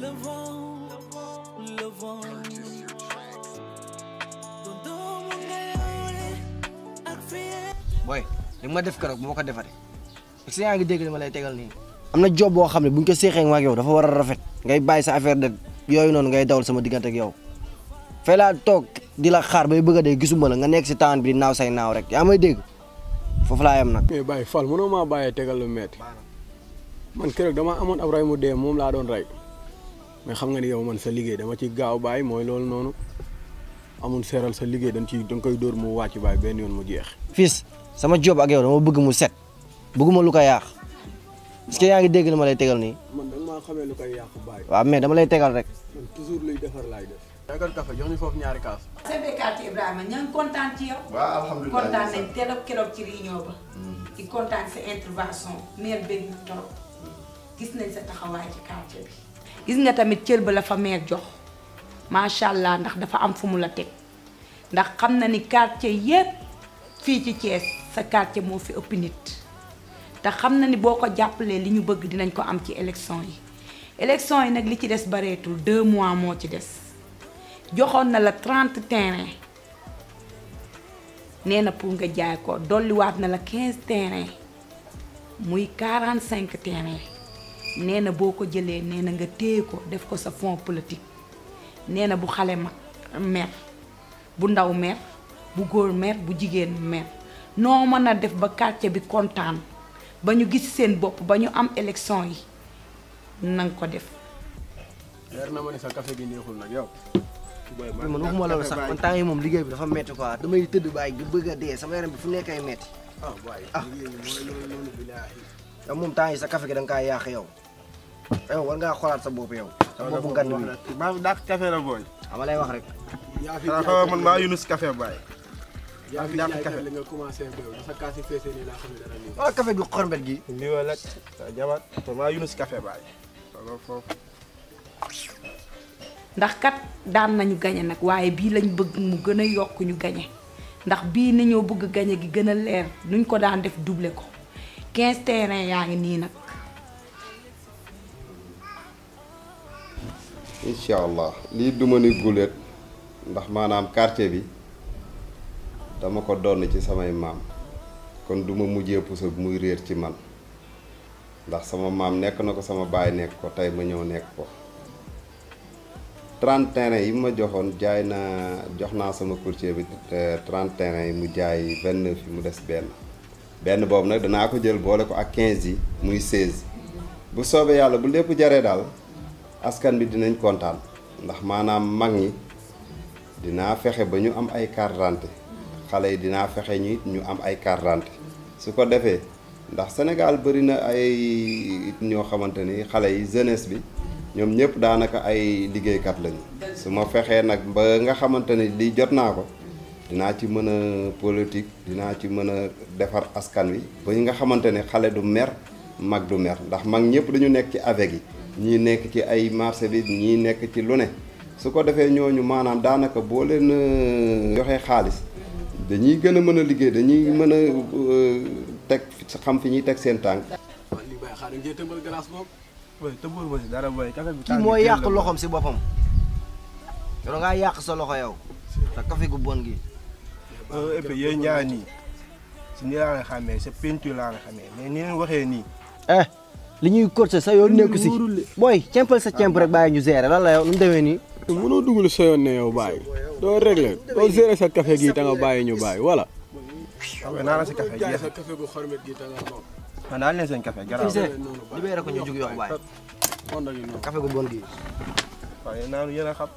Levant, levant boy li ma def keroog moo ko defaree parce que yaa ngi dégg li ma lay tegal nih. am job boo xam ne bu ñu ko seexee ak yow dafa war rafet ngay bàyyi sa affaire de yooyu noonu ngay dawal sama diggante ak yow fay laa toog di la xaar bay bëgg a dee gisuma la nga nekk si taan bi di naaw say naaw rek yaa may dégg foofu laa yem nag mais eh, bàyyi fal mënoo maa bàyyee tegal lu metti man keroog damaa amoon ab ray mu dee doon rey mais xam nga ni yow man sa liggéey dama ci gaaw bàyyi mooy loolu noonu amul seeral sa liggéey dañ ci danga koy dóor mu wàcc bàyyi benn yoon mu jeex. fils sama job ak yow dama bëgg mu set bëgguma lu ko yàq parce yaa ngi dégg li ma lay tegal nii. man danga maa xamee lu koy yàq bàyyi. waaw mais dama lay tegal rek. man toujours luy defar laay def. tegal café jox ñu foofu ñaari kaas. sëñ Ibrahima ña kontaan ci yow. waaw alhamdulilah keroog ci réunion ba. Mm. di kontaan sa intervention. maire bëgg gis nga tamit cër ba la fa meer jox macha allah ndax dafa am fu mu la teg ndax xam na ni quartier yépp fii ci Thiès sa quartier moo fi ëpp nit te xam na ni boo ko jàppalee li ñu bëgg dinañ ko am ci élection yi élection yi nag li ci des bareetul deux mois moo ci des joxoon na la trente terrain nee na pour nga jaay ko dolliwaat na la quinze terrain muy quarante cinq terrain nee na boo ko jëlee nee na nga téye ko def ko sa fond politique nee na bu xale mag mer bu ndaw mer bu góor mer bu jigéen mer noo mën a def ba quartier bi kontaan ba ñu gis seen bopp ba ñu am élection yi nanga nga ko def. leer na ma ne sa café gi man waxuma loolu sax man temps yi moom liggéey bi dafa metti quoi damay tëdd bàyyi di bëgg a dee sama yaram bi fu nekkay metti ah waaye liggéey te moom temps yi sa kafe gi da nga kaa yàq yow war ngaa xoolaat sa bopp yow. sa bopp ngan bi maa ngi la booy. ama ah, lay wax rek. Ah, yaa fi man maa yunus café baay. yaa commencé beew sa kaas yi feesee nii gi ah, xormbet gi. lii wala sa jabar te maa ndax kat daan nañu gañe nag waaye bii lañ bëgg mu gën a yokk ñu gañe ndax bii ni nañoo bëgg gañe gi gën a leer nuñ ko daan def duble ko. 15 yaa ngi nii allah li duma ni guléet ndax maanaam quartier bi dama ko donn ci duma muy sama mam nekk sama baay nekk ko tey ma ñëw nekk ko 30 terrain yi sama bi 30 terrain yi mu jaay 29 benn boobu nag danaa ko jël boole ko ak quinze yi muy 16 bu soobee yàlla bu lépp jaree daal askan bi dinañ kontaan ndax maanaam mag ñi dinaa fexe ba ñu am ay carte d'identité xale yi dinaa fexe ñi ñu am ay carte d'identité su ko defee ndax Sénégal bëri na ay ñoo xamante ni xale yi jeunesse bi ñoom ñëpp daanaka ay liggéeykat lañu su ma fexee nag ba nga xamante ni lii jot naa ko dina ci mën politique dina ci mën défar askan wi ba nga xamantene ne du mer mag du mer ndax mag ñepp dañu nekk ci avec yi ñi nekk ci ay marché bi ñi nekk ci lu ne su ko defee ñooñu maanaam daanaka bo leen euh, joxé xaaliss dañuy gëna a mën liggéey dañuy mën tek euh, teg xam fi ñuy tek seen tànk ki mooy yaq loxom ci bopam da nga yaq sa loxo yow te kafe gu bon gi Euh, et puis yéen ñaar nii si nii laa la xamee sa peinture laa xamee mais ni leen waxee nii. eh li ñuy corsé sa yoon nekku si. booy cempal sa cemp rek bàyyi ñu gérer lan la yow nu mu demee nii. mënoo dugal sa yoon ne yow bàyyi doo réglé doo gérer sa café gii ta nga bàyyi ñu bàyyi voilà. xam nga naa sa café jeex na ma ah, naan leen seen café garaaw. libéré ko ñu jug yoon waaye. café gu bon gi. waaw yéen naanu yéen a xam.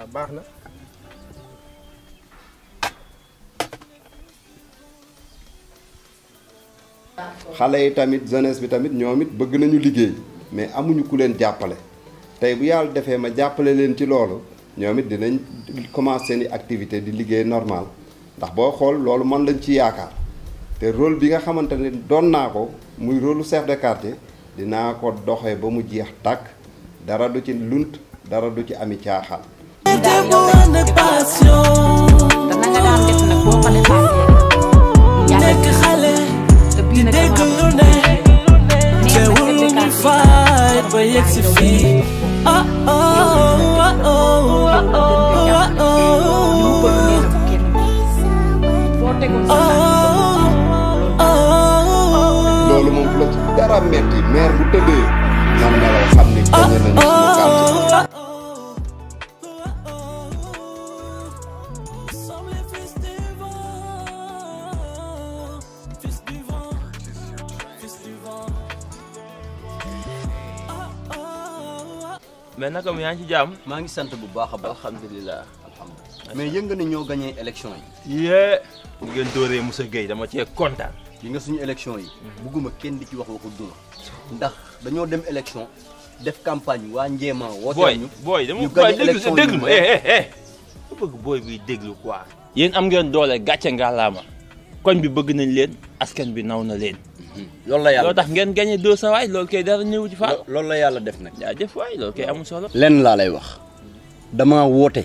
Ah, baax na. xale yi tamit jeunesse bi tamit ñoom it bëgg nañu liggéey mais amuñu ku leen jàppale tey bu yàlla defee ma jàppale leen ci loolu ñoom it dinañ commencé seeni activité di liggéey normal ndax boo xool loolu man lañ ci yaakaar te rôle bi nga xamante ne doon naa ko muy rôle chef de quartier dinaa ko doxe ba mu jeex tàkk dara du ci lunt dara du ci ami caaxaan mais naka mu yaa ngi ci jàmm. maa ngi sant bu baax a baax alhamdulilah. alhamdulilah mais yënga na ñoo gagné élection yi. yee. ñu ngeen dooree Moussa Gueye dama cee kontaan. yi nga suñu élection yi. bugguma kenn di ci wax waxu duma. ndax dañoo dem élection def campagne waa Njéema wootee ñu. booy booy dama booy déglu déglu ma eh eh, eh. bëgg booy biy déglu quoi. yéen am ngeen doole gàcce ngalaama koñ bi bëgg nañ leen askan bi naw na leen. loolu la yàlla loo tax ngeen gagné deux cent waay loolu kay dara ñëw ci faal. loolu la yàlla def nag. jaajëf waay loolu kay amul solo. lenn laa lay wax dama woote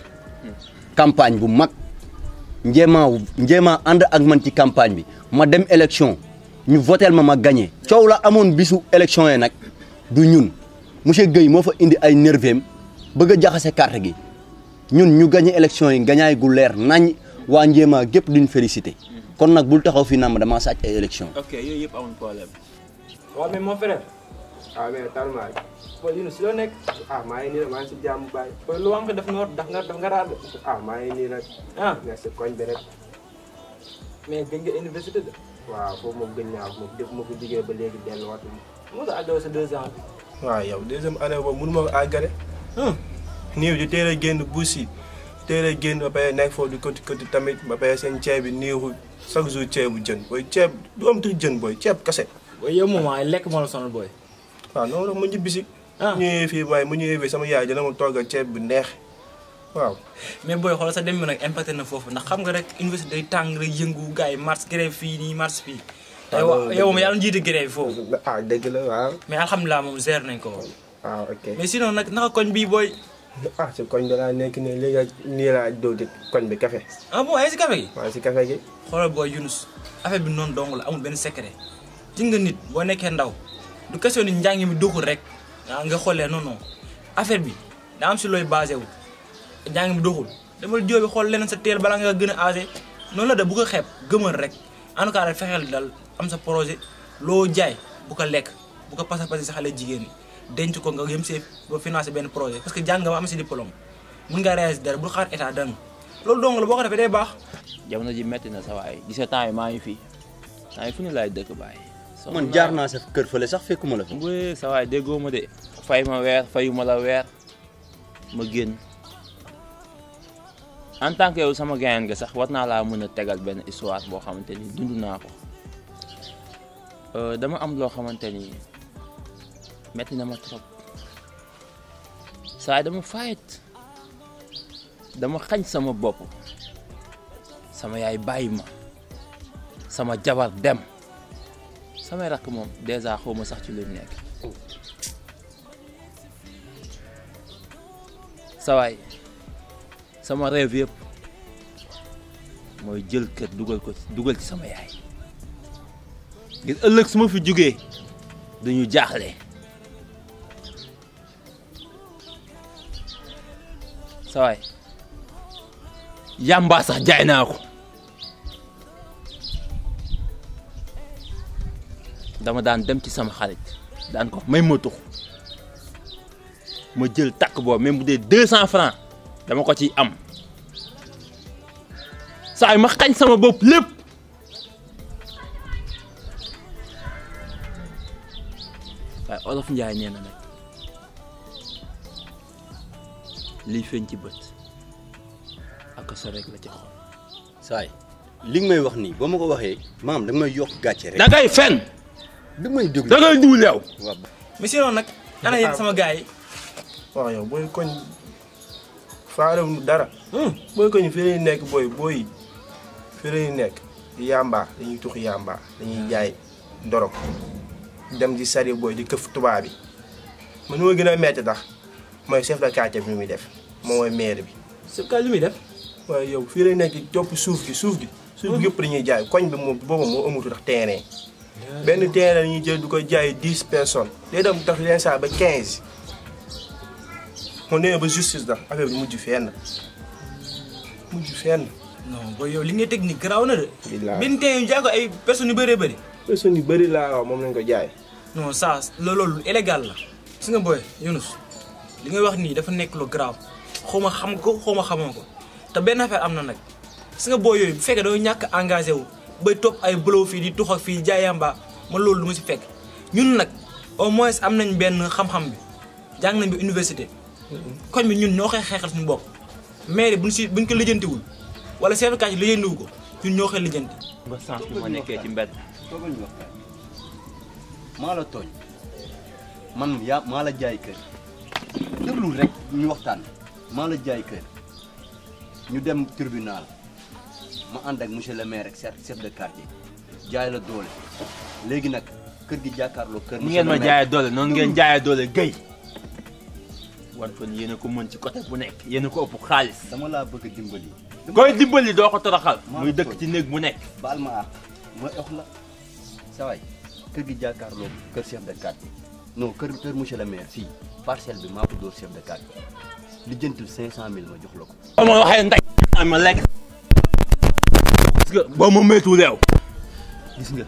campagne bu mag njéemaa njéemaa ànd ak man ci campagne bi ma dem élection ñu votel ma ma gagné coow la amoon bisu élection yi nag du ñun monsieur Guèye moo fa indi ay nerveem bëgg a jaxase carte gi ñun ñu gagné élection yi gañaay gu leer nañ waa njéemaa gépp duñ félicité. kon nag bul taxaw fii naa ma damaa sàcc ay élection ok yooyu yëpp amul problème. waaw mais mon frère. waaw ah, mais tàllumaay. booy yéen si loo nekk. Ah, maa ngi nii rek maa ngi si jàmm baay. booy lu am daf ah, maa ngi koñ bi rek. mais gëj nga université de. waaw foofu moom gëj naa moom def ma ko jigéen ba léegi delluwaatu ma. mu la àggale sa deux ans bi. waaw a génn bouse yi. teel a génn ba pare nekk foofu di këti këti tamit ba pare seen ceeb bi niiru chaque jour ceebu jën booy ceeb du am jën booy ceeb kese. booy yow moom ay lekk moo la sonal si. ah fii waaye mu ñëwee fii sama yaay dina ma toggal ceeb bi neex waaw. mais booy xoolal sa dem bi nag impacté na foofu ndax xam nga rek université day tàng rek yëngu gars yi mars grève fii nii mars fii. waaw ah, yow yàlla njiite grève foofu. ah la waaw. mais alhamdulilah moom gérer nañ ko. waaw ah, ok mais sinon nag naka koñ bii booy ah si koñ bi laa nekk nii léegi ak nii laa dóoti koñ bi café ah bon ay si kafe gi waaw boo café Yunus affaire bi noonu dong la amul benn secret ci nit boo nekkee ndaw du question ni njàngi mi doxul rek ah, nga xoolee non non affaire bi daa am si looy basé wu njàngi mi doxul dama jóobi xool na sa teel balaa nga gën a noonu la da bu ko xeeb gëmal rek en tout cas rek am sa projet loo jaay bu ko lekk bu ko pasa pasi sa xale jigéen ñi denc ko nga yem see ba financer benn projet parce que jàng nga ba am si diplôme mun nga réaliser dara bul xaar état dara loolu dong la boo ko defee day baax. jamono ji metti na sa waay gis nga temps yi maa ngi fi temps yi fu ñu laay dëkk bàyyi. man jaar naa sa kër fële sax fekkuma la fi. mu sa waay déggoo ma de fay ma weer fayuma la weer ma génn en tant que sama gayan nga sax war naa laa mën a tegal benn histoire boo xamante ni dund naa ko euh, dama am loo xamante سمعتني لما تضرب ساعد مو فايت دم خن سما بابو سما ياي بايما سما جوار دم سما راكم ديزا خو ما صحتي لو نيك سواي سما ريف يب موي جيل كات دوجل كو دوجل سما ياي gis ëllëg su ma fi jugee duñu jaaxle sa waay yàmbaa sax jaay naa ko dama daan dem ci sama xarit daan ko may ma tux ma jël takk boobu même mu dee deux cent francs dama ko ci am saa yi ma xañ sama bopp lépp waaye olof njaay nee na lii feeñ ci bët ak rek la ci xol. saay li may wax nii boo ma ko waxee. maam da may yokk gàcce rek. da ngay fen. da may déglu da ngay nag. ana yéen sama gars yi. waaw yow booy koñ faalewu dara. Hmm. booy koñ fii nekk booy booy fii nekk. yamba dañuy tux yamba dañuy jaay dorog dem di sari booy di këf tubaab bi man ma gën a metti tax. mooy chef de quartier bi muy def moom mooy maire bi. chef quartier lu muy def. waaw yow fii lay nekk topp suuf gi suuf gi. suuf gi mhm. yëpp dañuy jaay koñ bi moom boobu moo amatul ndax terrain. benn terrain la ñuy jël du ko jaay dix personnes. day dem tax leen saa ba quinze. mu nee affaire bi mujj fenn mujj fenn. yow li nga technique garaaw na de. bilaay benn terrain yu jaay ko ay personnes yu bëree bëri. personnes yu bëri laa waaw moom lañ ko jaay. non ça loolu illégal la. gis nga booy Younus. li ngay wax nii dafa nekk lu grave xaw ma xam ko xaw ma xamoo ko te benn affaire am na nag gis nga boo yooyu bu fekkee doo ñàkk engagé wu bay topp ay blow fii di tux ak fii jaayamba ma loolu lu ma si fekk ñun nag au moins am nañ benn xam-xam bi jàng nañ bi université koñ bi ñun ñoo koy xeexal suñu bopp maire buñ si buñ ko lijjantiwul wala seen kàcc lijjantiwu ko ñun ñoo koy lijjanti ba sens bi ma nekkee ci mbedd toogal maa la tooñ man yaa maa la jaay kër déglu rek ñu waxtaan maa la jaay kër ñu dem tribunal ma ànd ak monsieur le maire ak chef de quartier jaay la doole léegi nag kër gi jàkkaarloo kër. monsieur le ngeen ma doole noonu ngeen jaayee doole gay war yéen ko mën ci côté bu nekk yéen a ko ëpp xaalis. dama laa bëgg a dimbali. koy dimbali doo ko toroxal. muy dëkk ci néeg bu nekk. baal ma àq ma ox la saa waay kër gi jàkkaarloo kër chef de quartier non kër kër monsieur le maire fii tuddoo chef de quartier li jëntil cinq ma jox la ko. boo ma waxee ndax ma lekk. parce que boo ma gis nga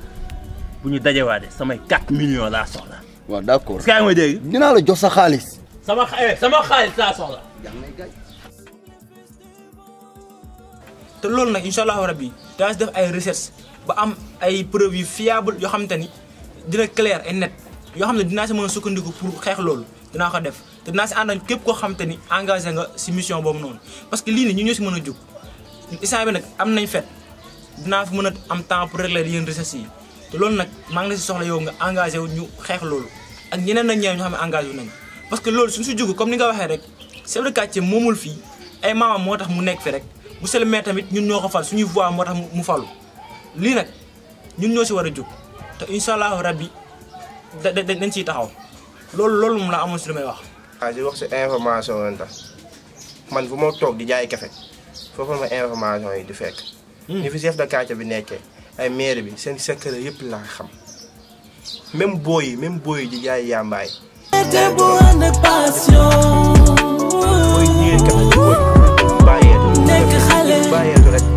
bu ñu dajewaatee samay 4 million laa soxla. waaw d' accord ma dégg. dinaa la jox sa xaalis. sama eh, sama xaalis laa te loolu nag incha allahu rabi dana si def ay recherche ba am ay preuve yu fiable yoo xamante ni dina clair ay net yoo xam ne dinaa si mën a sukkandiku pour xeex loolu. dinaa ko def te dinaa si àndal képp koo xam te ni engagé nga si mission boobu noonu parce que lii nii ñu ñoo si mën a jug instant nag am nañ fet dinaa fi mën a am temps pour régler yéen richesse yi te loolu nag maa ngi la si soxla yow nga engagé wu ñu xeex loolu ak ñeneen nañ ñeew xam ne engagé wu parce que loolu suñ si jug comme ni nga waxee rek chef de quartier moomul fii ay maamam moo tax mu nekk fi rek monsieur le maire tamit ñun ñoo ko fal suñuy voix moo tax mu falu lii nag ñun ñoo si war a jug te incha allahu rabbi da dañ ciy taxaw lol loolu moom la amoon si lu may wax. waaw si wax si information lan man fu ma toog di jaay kafe Fofu ma information yi di fekk. ni fi chef de quartier bi nekkee ay maire bi sen secret yëpp la xam même booy yi même booy yi di jaay yàmbaay. booy yi ñu ngi kafe bàyyeetu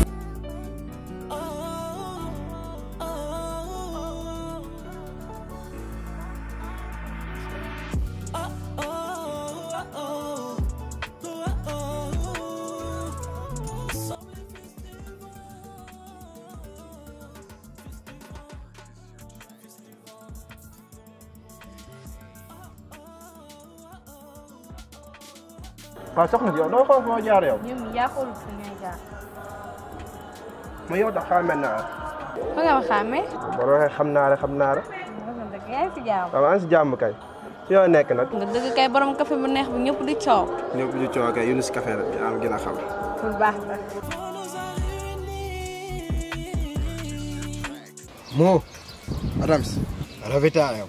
waaw soxna si ma yow tax xaame naa. fa nga ma xaame. boo xam naa xam naa la. yaa si jàmm. waaw kay. si nekk nag. nga dëgg kay borom café bu neex bi ñëpp di coow. ñëpp di coow kay Yunus café rek am gën a xam. bu baax la. moo. Adams. rafetaa yow.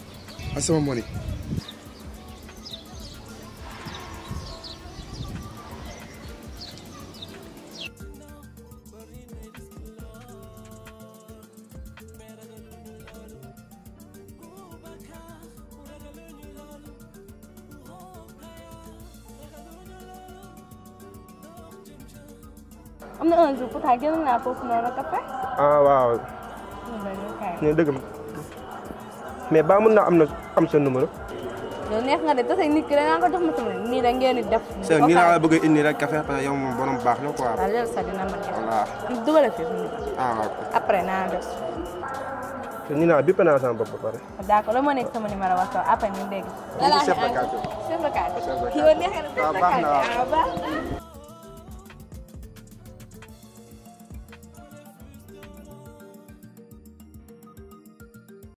Άκελ να αποφωνώνω καφέ. Ah waaw. ñu dëgg mais ba mën na am am sa numéro. yow neex nga de tase nit ki nga ko jox di sa nii laa la bëgg a indi rek café parce que yow moom borom baax la quoi. waaw loolu sax dina ma def. ah sama bopp pare. d' accord loolu moo nekk sama numéro waxtaan après ñu dégg. voilà chef de quartier. chef